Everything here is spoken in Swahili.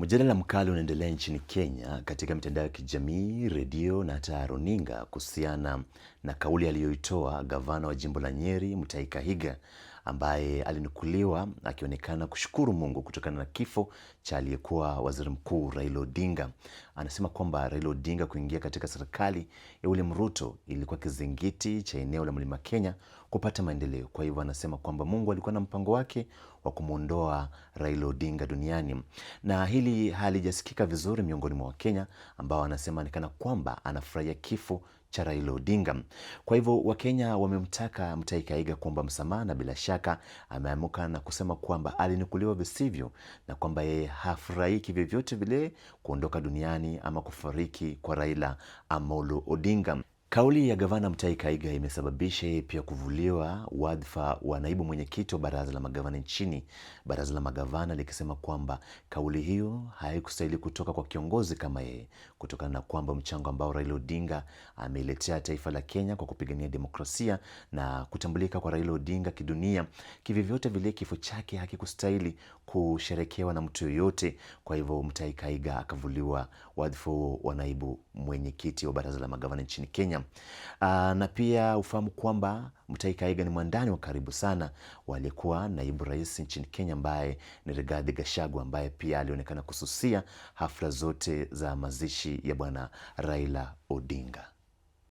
Mjadala mkali unaendelea nchini Kenya katika mitandao ya kijamii, redio na hata runinga kuhusiana na kauli aliyoitoa gavana wa jimbo la Nyeri, Mutahi Kahiga ambaye alinukuliwa akionekana kushukuru Mungu kutokana na kifo cha aliyekuwa waziri mkuu Raila Odinga. Anasema kwamba Raila Odinga kuingia katika serikali ya William Ruto ilikuwa kizingiti cha eneo la Mlima Kenya kupata maendeleo. Kwa hivyo anasema kwamba Mungu alikuwa na mpango wake wa kumwondoa Raila Odinga duniani, na hili halijasikika vizuri miongoni mwa Wakenya ambao anasema onekana kwamba anafurahia kifo cha Raila Odinga. Kwa hivyo Wakenya wamemtaka Mutahi Kahiga kuomba msamaha na bila shaka ameamuka na kusema kwamba alinukuliwa visivyo na kwamba yeye hafurahiki vyovyote vile kuondoka duniani ama kufariki kwa Raila Amolo Odinga. Kauli ya gavana Mutahi Kahiga imesababisha yeye pia kuvuliwa wadhifa wa naibu mwenyekiti wa baraza la magavana nchini, baraza la magavana likisema kwamba kauli hiyo haikustahili kutoka kwa kiongozi kama yeye, kutokana na kwamba mchango ambao Raila Odinga ameiletea taifa la Kenya kwa kupigania demokrasia na kutambulika kwa Raila Odinga kidunia, kivyovyote vile kifo chake hakikustahili kusherekewa na mtu yoyote. Kwa hivyo Mutahi Kahiga akavuliwa wadhifa huo wa naibu mwenyekiti wa baraza la magavana nchini Kenya. Ah, na pia ufahamu kwamba Mutahi Kahiga ni mwandani wa karibu sana waliyekuwa naibu rais nchini Kenya ambaye ni Rigathi Gachagua ambaye pia alionekana kususia hafla zote za mazishi ya bwana Raila Odinga.